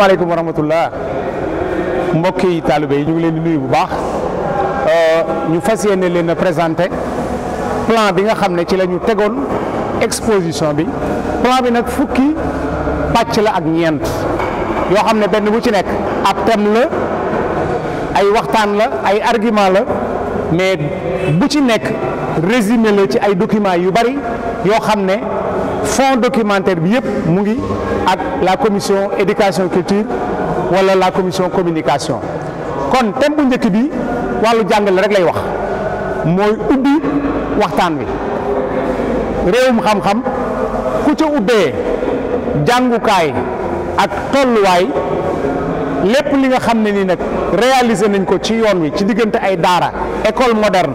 waaleykum wa rahmatullah mbokki taalibe yi ñu ngi leen di nuyu bu baax euh, ñu fas yéene leen a plan bi nga xam ne ci la ñu tegoon exposition bi plan bi nag fukki pàcc la ak ñeent yoo xam ne benn bu ci nekk ab thème la ay waxtaan la ay argument la mais bu ci nekk résumé la ci ay documents yu bari yoo xam ne fond documentaire bi yëpp mu ngi ak la commission éducation culture wala la commission communication kon thème njëkk bi wàllu jàngale rek lay wax mooy ubbi waxtaan wi réewum xam-xam ku ca ubbee jàngukaay ak tolluwaay lépp li nga xam ne ni nag réaliser nañ ko ci yoon wi ci diggante ay daara école moderne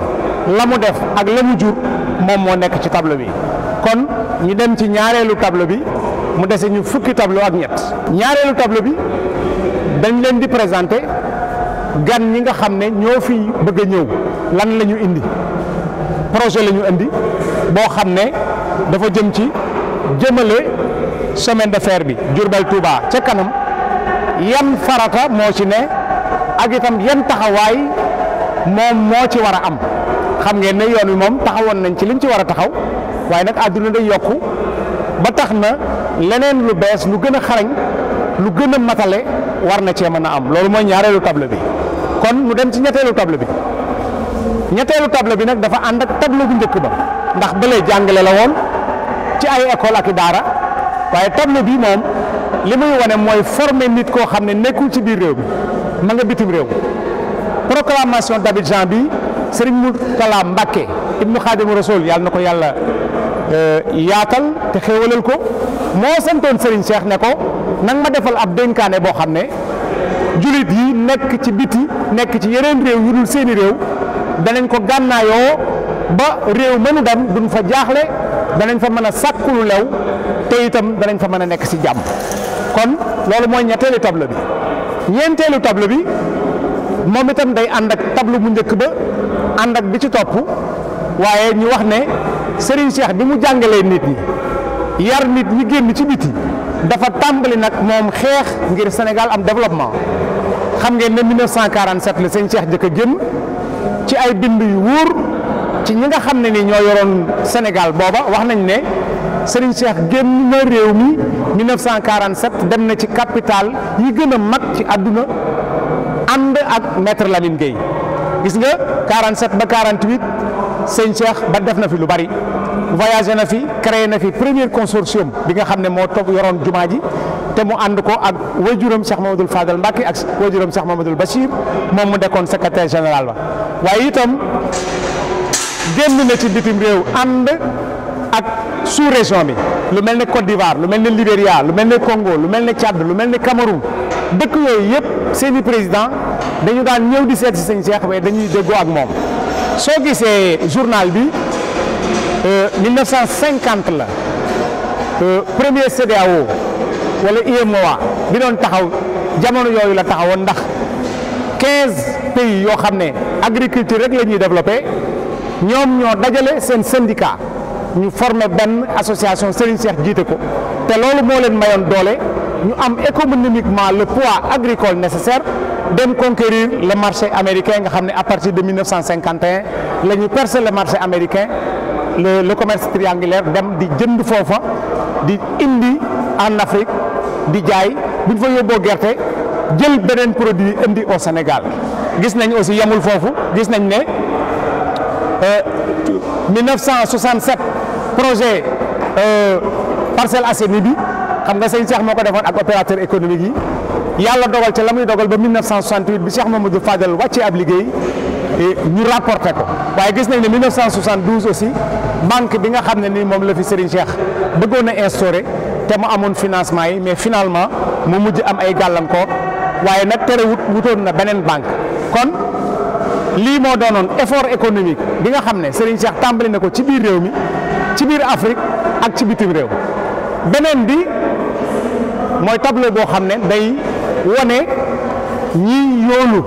la mu def ak la mu jur moom moo nekk ci tableau bi kon ñu dem ci ñaareelu tableau bi mu dese ñu fukki tableau ak ñett ñaareelu tableau bi dañ leen di présenter gan ñi nga xam ne ñoo fi bëgg a ñëw lan lañu indi projet la ñu indi boo xam ne dafa jëm ci jëmale semaine de fer bi Diourbel Touba ca kanam yan farata moo ci ne ak itam yan taxawaay moom moo ci war a am xam ngeen ne yoon wi moom taxawoon nañ ci lañ ci war a taxaw waaye nag àdduna day yokku ba tax na leneen lu bees lu gën a xarañ lu gën a matale war na cee mën a am loolu mooy ñaareelu table bi kon mu dem ci ñetteelu table bi ñetteelu table bi nag dafa ànd ak table bu njëkk ba ndax bële jàngale la woon ci ay école ak i daara waaye table bi moom li muy wane mooy former nit koo xam ne nekkul ci biir réew bi ma nga bitim réew proclamation d'Abidjan bi Serigne Mourtala Mbacké ibnu xaadimu rasul yàlla na ko yàlla eh, yaatal te xéewalal ko moo santoon Serigne Cheikh ne ko nang ma defal ab dénkaane boo xam ne julit yi nekk ci biti nekk ci yeneen réew yu dul seeni réew danañ ko gànnaayoo ba réew mënu dem duñ fa jaaxle danañ fa mën a sàkku lew te itam danañ fa mën a nekk si jàmm kon loolu mooy ñetteelu table bi ñeenteelu table bi moom itam day ànd ak table bu njëkk ba ànd ak bi ci topp waaye ñu wax ne Serigne Cheikh bi mu jàngalee nit ñi yar nit ñi génn ci biti dafa tàmbali nag moom xeex ngir Sénégal am développement xam ngeen ne 1947 la Serigne Cheikh jëkk a génn ci ay bind yu wóor ci ñi nga xam ne ni ñoo yoroon Sénégal booba wax nañ ne Serigne Cheikh génn na réew mi dem na ci capital yi gën a mag ci àdduna ànd ak maître Lamine Gueye gis nga 47 ba sëñ Cheikh ba def na fi lu bari voyagé na fi créer na fi premier consortium bi nga xam ne moo toog yoroon jumaa ji te mu ànd ko ak waajuram Cheikh Mamadou Fadal Mbacké ak waajuram Cheikh Mamadou Bachir moom mu nekkoon secrétaire général ba waaye itam génn na ci bitim réew ànd ak sous région bi lu mel ne Côte d'Ivoire lu mel ne Libéria lu mel ne Congo lu mel ne Tchad lu mel ne Cameroun dëkk yooyu yëpp seeni président dañu daan ñëw di seet si sëñ Cheikh dañuy déggoo ak moom soo gisee journal bi 1950 euh, la euh, premier CEDEAO wala UEMOA bi doon taxaw jamono yooyu la taxawoon ndax 15 pays yoo xam ne agriculture rek la ñuy développé ñoom ñoo dajale seen syndicat ñu formé benn association Serigne Cheikh jiite ko te loolu moo leen mayoon doole ñu am économiquement le poids agricole nécessaire dem conquérir le marché américain nga xam ne à partir de 1951 la ñu percé le marché américain le le commerce triangulaire dem di jënd foofa di indi en Afrique di jaay bu fa yóbboo gerte jël beneen produit indi au Sénégal gis nañ aussi yamul foofu gis nañ ne 1967 euh, projet euh, Parcelles Assainies bi xam nga sëñ seex moo ko defoon ak opérateur économique yi. yàlla dogal ca la muy dogal ba 1968 bi Cheikh Mamadou Fadel wàccee ab liggéey ñu rapporté ko waaye gis nañ ne 1972 aussi banque bi nga xam ne nii moom la fi Serigne Cheikh bëggoon instauré te mu amoon financement yi mais finalement mu mujj am ay gàllankoor waaye nag tere wut wutoon na beneen banque kon lii moo doonoon effort économique bi nga xam ne Serigne Cheikh tàmbali na ko ci biir réew mi ci biir Afrique ak ci bitim réew beneen bi mooy tableau boo xam ne day wane ñiy yoolu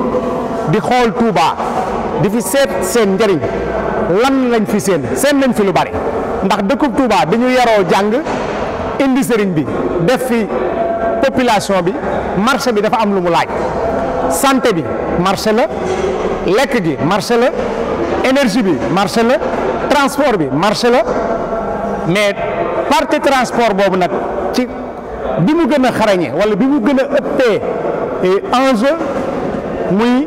di xool Touba di fi seet seen njëriñ lan lañ fi seen seen nañ fi lu bari ndax dëkkub Touba bi ñu yaroo jàng indi sëriñ bi def fi population bi marché bi dafa am lu mu laaj santé bi marché la lekk gi marché la énergie bi marché la transport bi marché la mais partie transport boobu nag ci bi mu gën a xarañe wala bi mu gën a ëppee eh, enjeu muy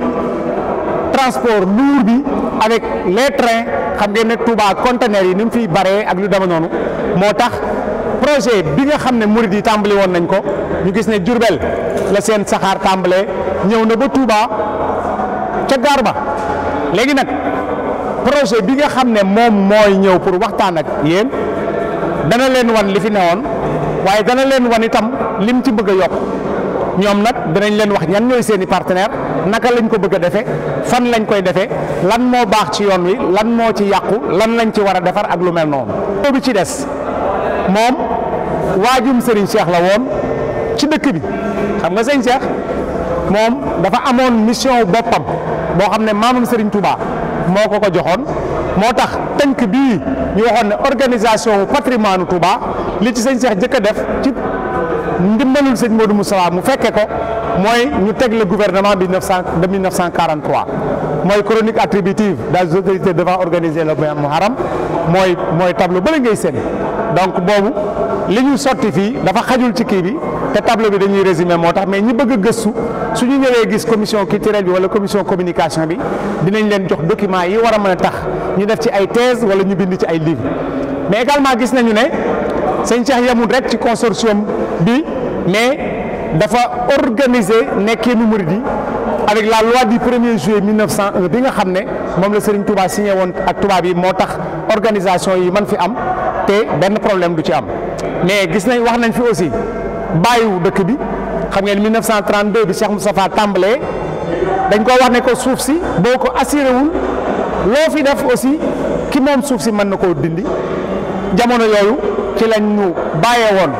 transport lourd bi avec les trains xam ngeen ne Touba conteneurs yi ni mu fiy baree ak lu dama noonu moo tax projet bi nga xam ne murid yi tàmbali woon nañ ko ñu gis ne Diourbel la seen saxaar tàmbalee ñëw na ba Touba ca gaar ba léegi nag projet bi nga xam ne moom mooy ñëw pour waxtaan ak yéen dana leen wan li fi woon waaye dana leen wan itam lim ci bëgg a yokk ñoom nag danañ leen wax ñan ñooy seeni i partenaire naka lañ ko bëgg a defee fan lañ koy defee lan moo baax ci yoon wi lan moo ci yàqu lan lañ ci war a defar ak lu mel noonu. boobu ci des moom waajum sëriñ Cheikh la woon ci dëkk bi xam nga sëñ Cheikh moom dafa amoon mission boppam boo xam ne maamam Serigne Touba. moo ko ko joxoon moo tax tënk bii ñu waxoon ne organisation patrimoine Touba li ci sëñ Cheikh jëkk def ci ndimbalul sëñ Modou Moustapha mu mu fekke ko mooy ñu teg le gouvernement bi de 1943 mooy chronique attributive des autorités devant organiser le Muharram mooy mooy tableau bële ngay seen donc boobu li ñu sotti fii dafa xajul ci kii bi te tableau bi dañuy résumé moo tax mais ñi bëgg a gëstu su ñu ñëwee gis commission culturelle bi wala commission communication bi dinañ leen jox document yi war a mën a tax ñu def ci ay thèse wala ñu bind ci ay livre mais également gis nañu ne sëñ Cheikh yemul rek ci consortium bi mais dafa organiser nekkeenu murid yi avec la loi du premier er juillet 1901 bi nga xam ne moom la Serigne Touba signé woon ak tubaab yi moo tax. organisation yi man fi am te benn problème du ci am mais gis nañ wax nañ fi aussi bàyyiwu dëkk bi xam ngeen 1932 bi Cheikh Moustapha tàmbalee dañ ko wax ne ko suuf si boo ko assuré wul loo fi def aussi ki moom suuf si mën na koo dindi jamono yooyu ci lañ ñu bàyyee woon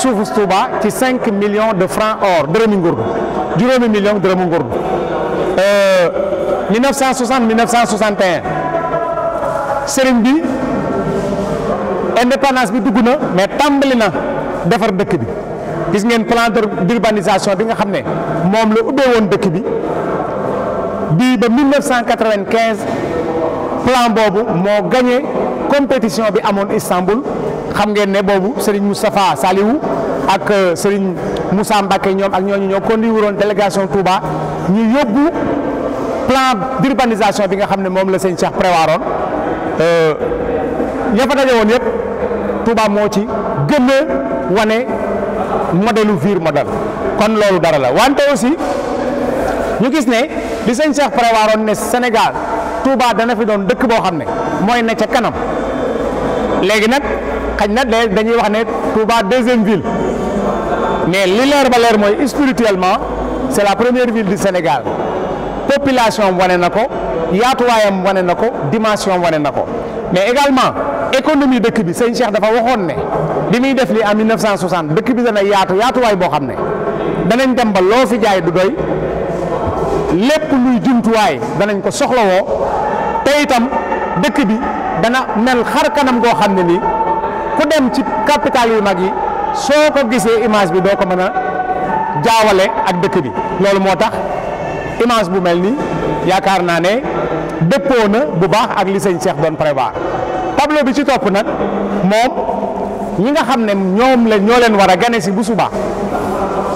suufu Touba ci cinq millions de francs or dërëmi ngurdu juróomi million dërëmu ngurdu 1960 1961 sëriñ bi indépendance bi dugg na mais tàmbali na defar dëkk bi gis ngeen plan d'urbanisation bi nga xam ne moom la ubbee woon dëkk bi bii ba 1995 plan boobu moo gagné compétition bi amoon Istanbul xam ngeen ne boobu Serigne Moustapha Saliou ak euh, Serigne Moussa Mbacké ñoom ak ñooñu ñoo conduire woon délégation Touba ñu yóbbu plan d'urbanisation bi nga xam ne moom la sëñ Cheikh préwaroon Euh, ña fa daje woon yëpp Touba moo ci gën a wane modèle vir model kon loolu dara la wante aussi ñu gis ne li sëñ Cheikh prévoiroon ne Sénégal Touba dana fi doon dëkk boo xam ne mooy ne ca kanam léegi nag xaj na dañuy wax ne Touba deuxième ville mais li leer ba leer mooy spirituellement c'est la première ville di Sénégal population wane na ko. yaatuwaayam wane na ko dimension wane na ko mais également économie dëkk bi sëñ Cheikh dafa waxoon ne bi muy def lii en 1960 dëkk bi dana yaatu yaatuwaay boo xam ne danañ dem ba loo fi jaay du doy lépp luy jumtuwaay danañ ko soxlawoo te itam dëkk bi dana mel xar kanam goo xam ne nii ku dem ci capital yu mag yi soo ko gisee image bi doo ko mën a jaawale ak dëkk bi loolu moo tax image bu mel nii yaakaar naa ne dëppoo na bu baax ak li sëñ bon doon prévoir tableau bi ci topp nag moom ñi nga xam ne ñoom la ñoo leen war a gane si bu subaa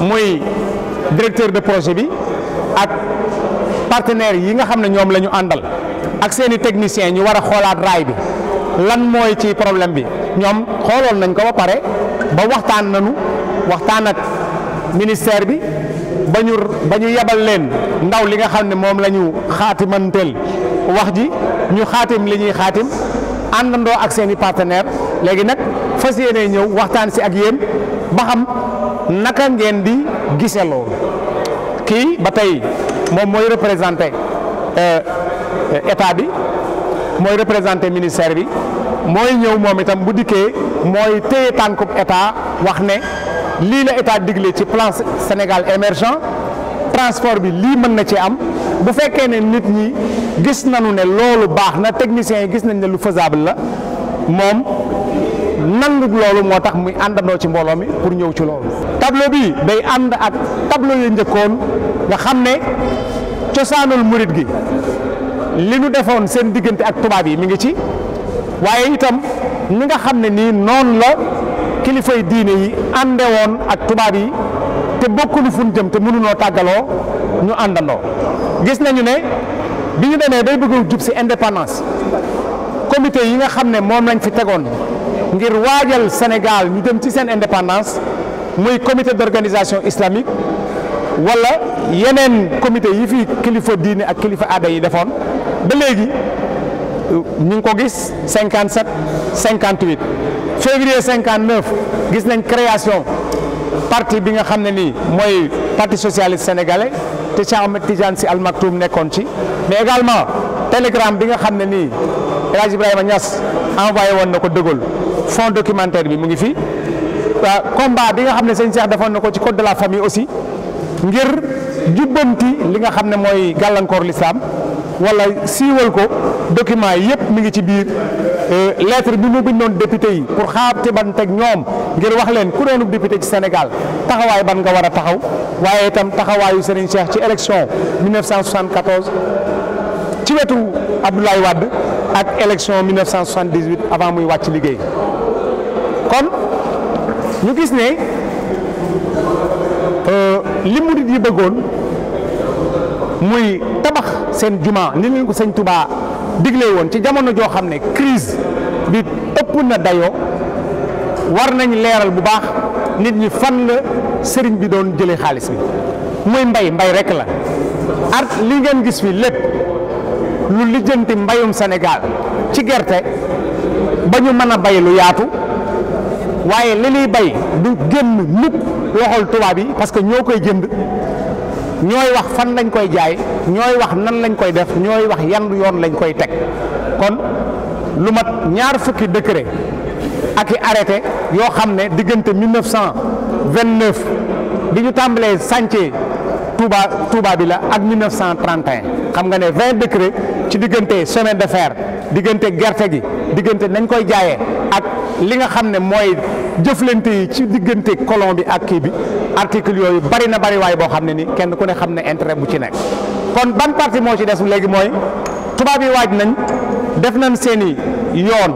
muy directeur de projet bi ak partenaires yi nga xam ne ñoom lañu ñu àndal ak seen i techniciens ñu war a xoolaat raay bi lan mooy ci problème bi ñoom xooloon nañ ko ba pare ba waxtaan nañu waxtaan ak ministère bi ba ñu ba ñu yebal leen ndaw li nga xam ne moom la ñu xaatimanteel wax ji ñu xaatim li ñuy xaatim àndandoo ak seeni i partenaire léegi nag fas yéene ñëw waxtaan si ak yéen ba xam naka ngeen di gise loolu kii ba tey moom mooy représenté euh, état bi mooy représenté ministère bi mooy ñëw moom itam bu dikkee mooy téye tànku état wax ne lii la état digle ci plan Sénégal émergent transport bi lii mën na ci am bu fekkee ne nit ñi gis nañu ne loolu baax na techniciens yi gis nañ ne lu faisable la moom nangu loolu moo tax muy àndandoo ci mbooloo mi pour ñëw ci loolu. tableau bi day ànd ak tableau yu njëkkoon nga xam ne cosaanul murit gi li nu defoon seen diggante ak tubaab yi mu ngi ci waaye itam ñi nga xam ne nii noon la kilifay diine yi àndewoon ak tubaab yi te bokkuñu fu jëm te mënunoo tàggaloo ñu àndandoo gis nañu ne. bi ñu demee bay bëgg jub si indépendance comité yi nga xam ne moom lañ fi tegoon ngir waajal Sénégal ñu dem ci seen indépendance muy comité d'organisation islamique wala yeneen comité yi fi kilifa diine ak kilifa aada yi defoon ba léegi ñu ngi ko gis 57 58 février 59 gis nañ création parti bi nga xam ne nii mooy parti socialiste sénégalais te Cheikh Ahmed Tidiane si nekkoon ci mais également télégramme bi nga xam ne nii El Hadj Ibrahima Niass envoyé woon na ko De Gaulle fond documentaire bi mu ngi fi combat bi nga xam ne sëñ Cheikh defoon na ko ci code de la famille aussi ngir jubbanti li nga xam ne mooy gàllankoor l'islam walla siiwal ko document yëpp mu ngi ci biir Euh, lettre bi mu bindoon député yi pour xaabti ban teg ñoom ngir wax leen ku doonub député ci Sénégal taxawaay ban nga war a taxaw waaye itam taxawaayu Serigne Cheikh ci élection 1974 ci wetu Abdoulaye Wade ak élection 1978 avant muy wàcc liggéey kon ñu gis ne euh, li murid yi bëggoon muy tabax seen juma ni leen ko sëñ digle woon ci jamono joo xam ne crise bi ëpp na dayoo war nañ leeral bu baax nit ñi fan la sëriñ bi doon jëlee xaalis bi muy mbay mbay rek la art li ngeen gis fi lépp lu lijjanti mbayum Sénégal ci gerte ba ñu mën a bay lu yaatu waaye li ñuy bay du génn mukk loxol tubaab yi parce que ñoo koy jënd ñooy wax fan lañ koy jaay ñooy wax nan lañ koy def ñooy wax yan yoon lañ koy teg kon lu mat ñaar fukki décret ak i arrêté yoo xam ne diggante 1929 bi ñu tàmbalee sàncee Touba Touba bi la ak 1931 xam nga ne 20 décret ci diggante chemin de fer diggante gerte gi diggante nañ koy jaayee ak li nga xam ne mooy. jëflante yi ci diggante colon bi ak kii bi article yooyu bari na bari waay boo xam ne ni kenn ku ne xam ne intérêt bu ci nekk kon ban partie moo ci des léegi mooy tubaab yi waaj nañ def nañ seeni yoon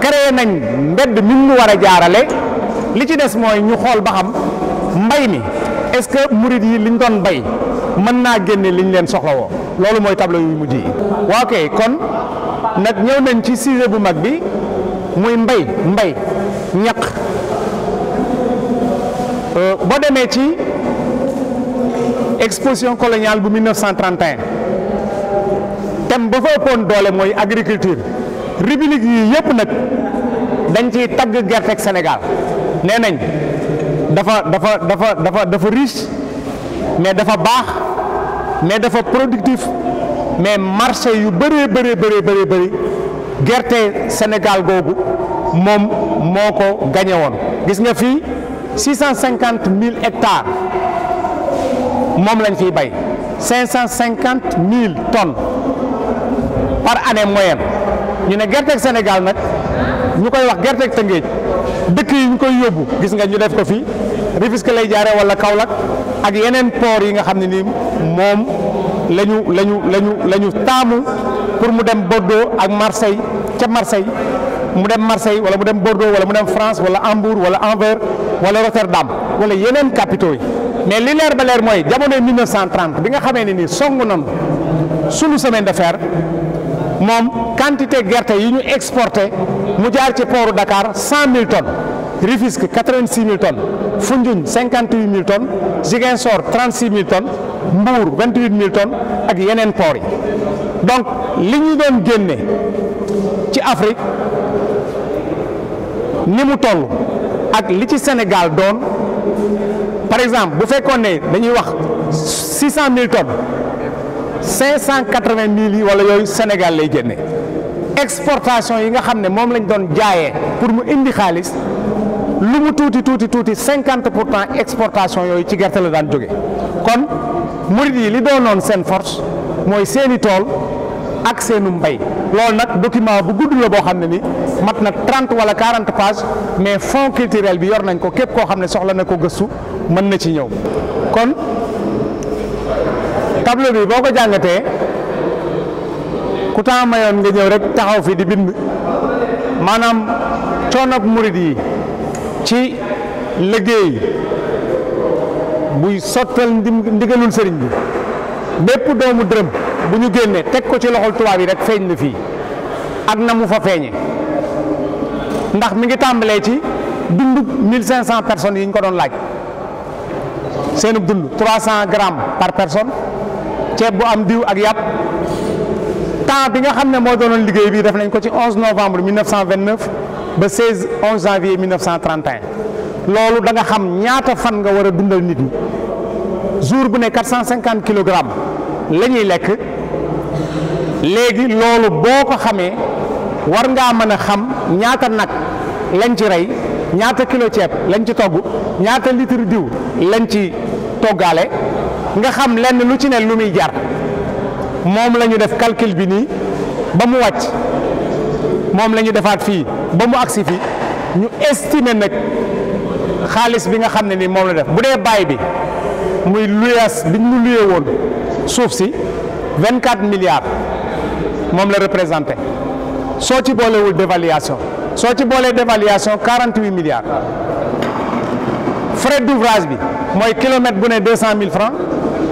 créé nañ mbedd mi mu war a jaarale li ci des mooy ñu xool ba xam mbay mi est-ce que murit yi liñ doon bay mën naa génne ñu leen soxla woo loolu mooy tableau yu mujj yi waaw kay kon nag ñëw nañ ci sujet bu mag bi muy mbay mbay ñaq euh, boo demee ci exposition coloniale bu 1931 thème ba fa ëppoon doole mooy agriculture république yi yëpp nag dañ ciy tagg gerteeg Sénégal nee nañ dafa dafa dafa dafa dafa riche mais dafa baax mais dafa productif mais marché yu bëree bëree bëree bëri gerte Sénégal googu moom moo ko gañe gis nga fi six cent cinquante mille hectares moom lañ fiy bay cinq cent cinquante mille tonnes par année moyenne ñu ne gerteeg Sénégal nag ñu koy wax gerteeg Tëngéej dëkk yi ñu koy yóbbu gis nga ñu def ko fii Rufisque lay jaare wala Kaolack ak yeneen port yi nga xam ne nii moom lañu lañu lañu la ñu taamu pour mu dem Bordeaux ak Marseille ca Marseille mu dem Marseille wala mu dem Bordeaux wala mu dem France wala Hambourg wala Anvers wala Rotterdam wala yeneen capitaux yi mais li leer ba leer mooy jamonoy 1930 bi nga xamee ne nii songu nañu sunu semaine de fer moom quantité gerte yi ñu exporté mu jaar ci pooru Dakar 100000 tonnes Rufisque 86000 tonnes Foundiougne 58000 tonnes Ziguinchor 36000 tonnes Mbour 28000 tonnes ak yeneen port yi donc li ñu doon génne ci Afrique. ni mu toll ak li ci Sénégal doon par exemple bu fekkoon ne dañuy wax six cent mille tonnes cent quatre vingt mille yi wala yooyu Sénégal lay génne exportation yi nga xam ne moom lañ doon jaayee pour mu indi xaalis lu mu tuuti tuuti tuuti cinquante pour cent exportation yooyu ci gerte la daan jóge kon murid yi li doonoon seen force mooy seeni tool ak seenu mbay loolu nag document bu gudd la boo xam ne ni mat na trente wala quarante pages mais fonds culturel bi yor nañ ko képp koo xam ne soxla na ko gëstu mën na ci ñëw kon tableau bi boo ko jàngatee ku temps mayoon nga ñëw rek taxaw fii di bind maanaam coonoog murid yi ci liggéey buy sottal ndigalul sëriñ bi bépp doomu dërëm bu ñu génnee teg ko ci loxol tubaab yi rek feeñ na fii ak na mu fa feeñe ndax mi ngi tàmbalee ci dundu 1500 personnes yi ñu ko doon laaj seenu dund 300 grammes par personne ceeb bu am diw ak yàpp temps bi nga xam ne moo doonoon liggéey bii def nañ ko ci 11 novembre 1929 ba 16 11 janvier 1931 loolu danga xam ñaata fan nga war a dundal nit yi jour bu ne kilo gramme lañuy lekk léegi loolu boo ko xamee war ngaa mën a xam ñaata nag lañ ci rey ñaata kilo ceeb lañ ci togg ñaata litre diw lañ ci toggaale nga xam lenn lu ci ne lu muy jar moom la def calcul bi nii ba mu wàcc moom la defaat fii ba mu agsi fii ñu estimer nag xaalis bi nga xam ne ni moom la def bu dee baay bi muy luyaas bi woon suuf si vingt quatre milliards moom la représenté soo ci boolewul dévaluation soo ci boolee dévaluation quarante huit milliards frais d'ouvrage bi mooy kilomètre bu nee deux cent mille francs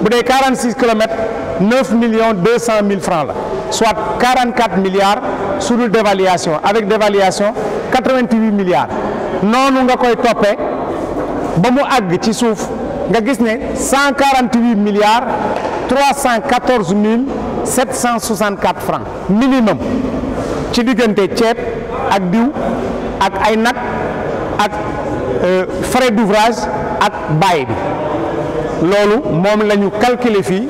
bu dee quarante six kilomètres neuf deux cent mille francs la soit quarante quatre milliards su dul dévaluation avec dévaluation quatre vingt huit milliards noonu nga koy toppee ba mu àgg ci suuf nga gis ne cent quarante huit milliards 314 764 francs minimum ci diggante ceeb ak diw ak ay nag ak euh, frais d'ouvrage ak baay bi loolu moom lañu ñu calculer fii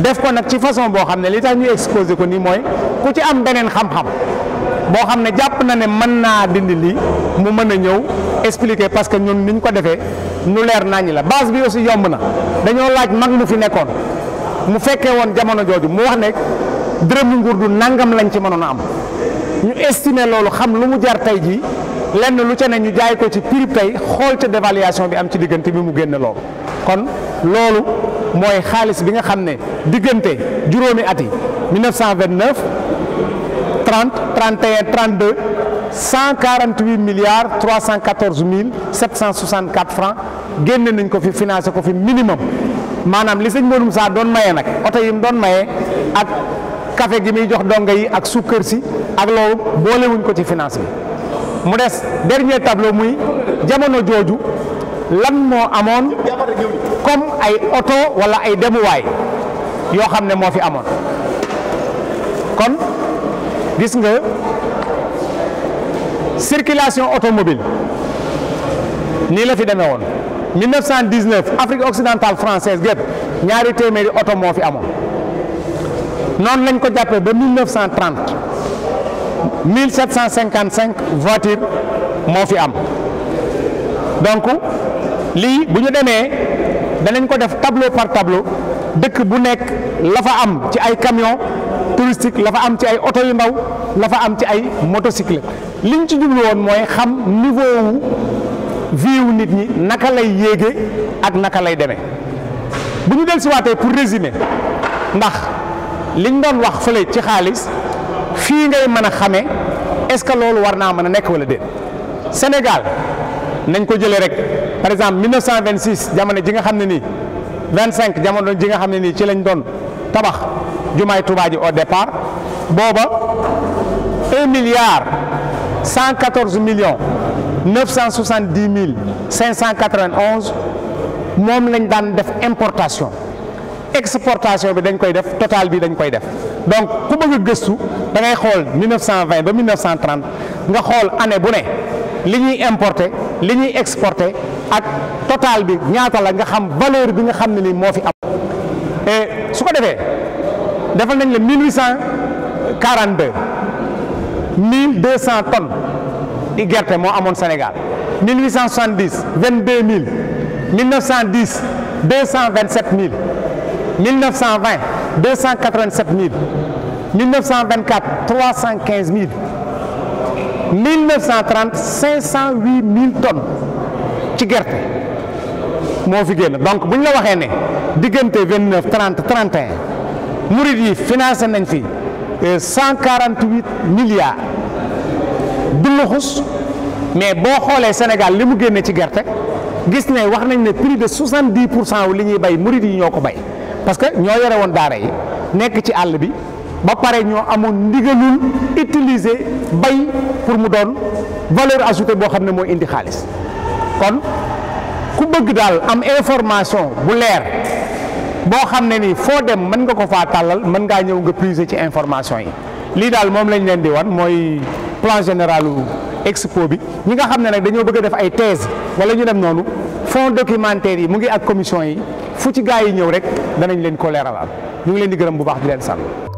def ko nag ci façon boo xam ne li tax ñu exposé ko nii mooy ku ci am beneen xam-xam boo xam ne jàpp na ne mën naa dindi lii mu mën a ñëw expliquer parce que ñun niñ ko defee ñu leer nañ la base bi aussi yomb na dañoo laaj mag mu fi nekkoon mu fekkee woon jamono jooju mu wax ne dërëmu nguur du nangam lañ ci mënoon a am ñu estimer loolu xam lu mu jar tey jii lenn lu ca ne ñu jaay ko ci prix tey xool ca dévaluation bi am ci diggante bi mu génn loolu kon loolu mooy xaalis bi nga xam ne diggante juróomi at yi 1929 30 31 32 148 milliards 314 mille 764 francs génn nañ ko fi financé ko fi minimum. maanaam li sëñ Modou saa doon maye nag oto yi mu doon maye ak kafe gi muy jox donga yi ak sukkër si ak loolu boolewuñ ko ci finance bi mu des dernier tableau muy jamono jooju lan moo amoon comme ay oto wala ay demuwaay yoo xam ne moo fi amoon kon gis nga circulation automobile nii la fi demee woon 1919 Afrique occidentale française gépp ñaari téeméeri oto moo fi amoon noonu lañ ko jàppee ba 1930 1755 voiture moo fi am donc lii bu ñu demee danañ ko def tableau par tableau dëkk bu nekk lafa am ci ay camion touristique lafa am ci ay oto yu ndaw lafa am ci ay motocyclette liñ ci jublu woon mooy xam niveau vie wu nit ñi naka lay yéege ak naka lay demee bu ñu del siwaatee pour résumer ndax liñ doon wax fële ci xaalis fii ngay mën a xamee est-ce que loolu war naa mën a nekk wala de Sénégal nañ ko jëlee rek par exemple 1926 jamono ji nga xam ne nii 25 jamono ji nga xam ne nii ci lañ doon tabax jumaay Tuubaa ji au départ booba 1 milliard 114 millions neuf cent soixante mille cinq cent quatre vingt onze moom lañ daan def importation exportation bi dañ koy def total bi dañ koy def donc ku bëgg gëstu da ngay xool mille neuf cent ba mille nga xool année bu ne li ñuy importer li ñuy exporter ak total bi ñaata la nga xam valeur bi nga xam ne nii moo fi am. su ko defee defal nañ la mille huit cent quarante deux mille deux cent di gerte moo amoon Sénégal 1870 22000 1910 227000 1920 287000 1924 315000 1930 508000 tonnes ci gerte moo fi génn donc bu ñu la waxee ne diggante 29 30 31 murit yi financé nañ fi 148 euh, milliards. bullaxus mais boo xoolee Sénégal li mu génne ci gerte gis ne wax nañ ne plus de 70 pour cent wu li ñuy bay murid yi ñoo ko bay parce que ñoo yore woon daara yi nekk ci àll bi ba pare ñoo amoon ndigalul utiliser bay pour mu doon valeur ajoutée boo xam ne moo indi xaalis kon ku bëgg daal am information bu leer boo xam ne ni foo dem mën nga ko faa tàllal mën ngaa ñëw nga priser ci information yi lii daal moom lañ leen di wan mooy plan général expo bi ñi nga xam ne nag dañoo bëgg a def ay thèse wala ñu dem noonu fonds documentaire yi mu ngi ak commission yi fu ci gaa yi ñëw rek danañ leen ko leeralal ñu ngi leen di gërëm bu baax bi leen sant.